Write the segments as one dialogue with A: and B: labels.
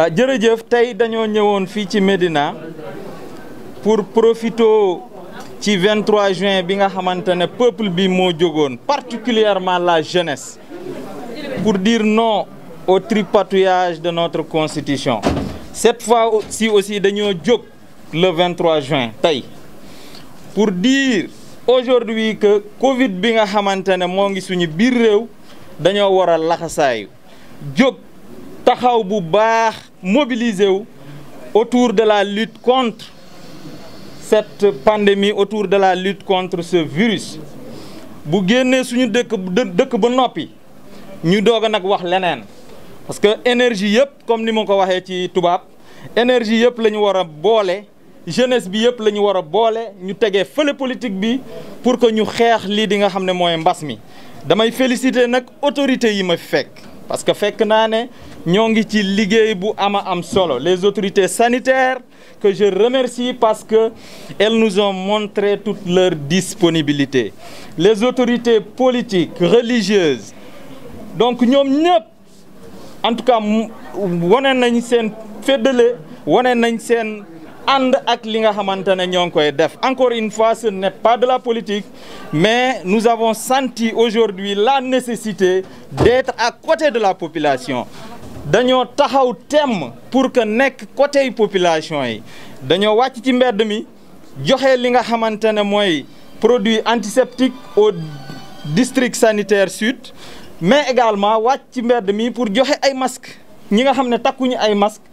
A: ah jërëjëf tey dañoo ñëwoon fii ci Médina pour profito ci 23 juin bi nga xamante ne peuple bi moo jógoon particulièrement la jeunesse pour dire non au tripatouillage de notre constitution cette fois si aussi dañoo jóg le 23 juin tey pour dire aujourd'hui que Covid bi nga xamante ne moo ngi suñu biir réew dañoo war a laxasaayu jóg taxaw bu baax mobiliser wu autour de la lutte contre cette pandémie autour de la lutte contre ce virus bu génnee suñu dëkk dëkk ba noppi ñu doog nag wax leneen parce que énergie yëpp comme ni ma ko waxee ci tubaab énergie yëpp la ñu war a boole. jeunesse bi yëpp la ñu war a boole ñu tegee fële politique bi pour que ñu xeex lii di nga xam ne mooy mbas mi damay féliciter nag autorités yi ma fi fekk parce que fekk naa ne ñoo ngi ci liggéey bu ama am solo les autorités sanitaires que je remercie parce que elles nous ont montré toute leur disponibilité les autorités politiques religieuses donc ñoom ñëpp en tout cas wane nañ seen féddale wane nañ seen ànd ak li nga xamante ne ñoo ngi koy def encore une fois ce n'est pas de la politique mais nous avons senti aujourd'hui la nécessité d'être à côté de la population dañoo taxaw temm pour que nekk côté population yi dañoo wàcc ci mbedd mi joxe li nga xamante ne mooy produit antiseptique au district sanitaire sud mais également wàcc ci mbedd mi pour joxe ay masques ñi nga xam ne takkuñu ay masques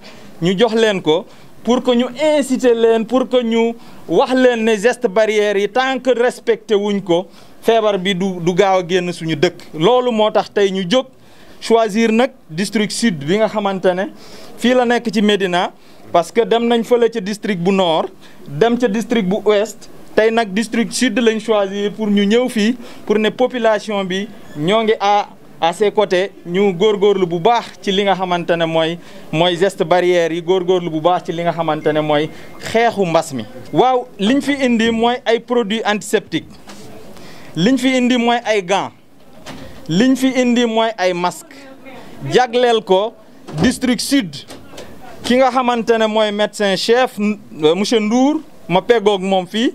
A: ñu jox leen ko pour que ñu inciter leen pour que ñu wax leen ne geste barrière yi tant que respecté wuñ ko feebar bi du du gaaw a génn suñu dëkk loolu moo tax tey ñu jóg choisir nag district sud bi nga xamante ne fii la nekk ci Médina parce que dem nañ fële ca district bu nord dem ca district bu ouest tey nag district sud lañ choisir pour ñu ñëw fii pour ne population bi ñoo ngi à à ses côtés ñu góorlu bu baax ci li nga xamante ne mooy mooy geste barrière yi góorgóorlu bu baax ci li nga xamante ne mooy xeexu mbas mi. waaw liñ fi indi mooy ay produits antiseptiques liñ fi indi mooy ay gants liñ fi indi mooy ay masques jagleel ko district sud ki nga xamante ne mooy médecin chef euh, monsieur Ndour. ma peggoog moom fii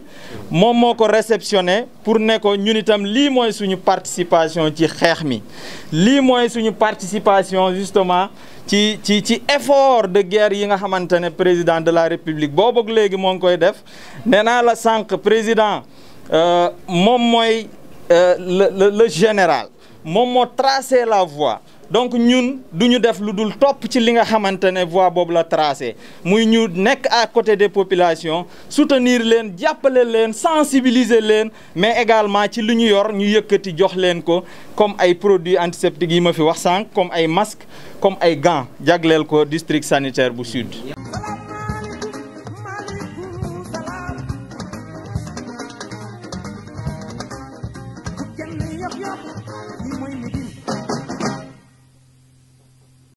A: moom moo ko réceptionné pour ne ko ñun itam lii mooy suñu participation ci xeex mi lii mooy suñu participation justement ci ci ci effort de guerre yi nga xamante ne président de la république boobu ak léegi moo ngi koy def nee naa la sànq président euh, moom mooy euh, le le général moom moo tracé la voie donc ñun du ñu def lu dul topp ci li nga xamante ne voie boobu la tracé muy ñu nekk à côté des populations soutenir leen jàppale leen sensibiliser leen mais également ci li ñu yor ñu yëkkati jox leen ko comme ay produits antiseptiques yi ma fi wax sànq comme ay masques comme ay gants jagleel ko district sanitaire bu sud.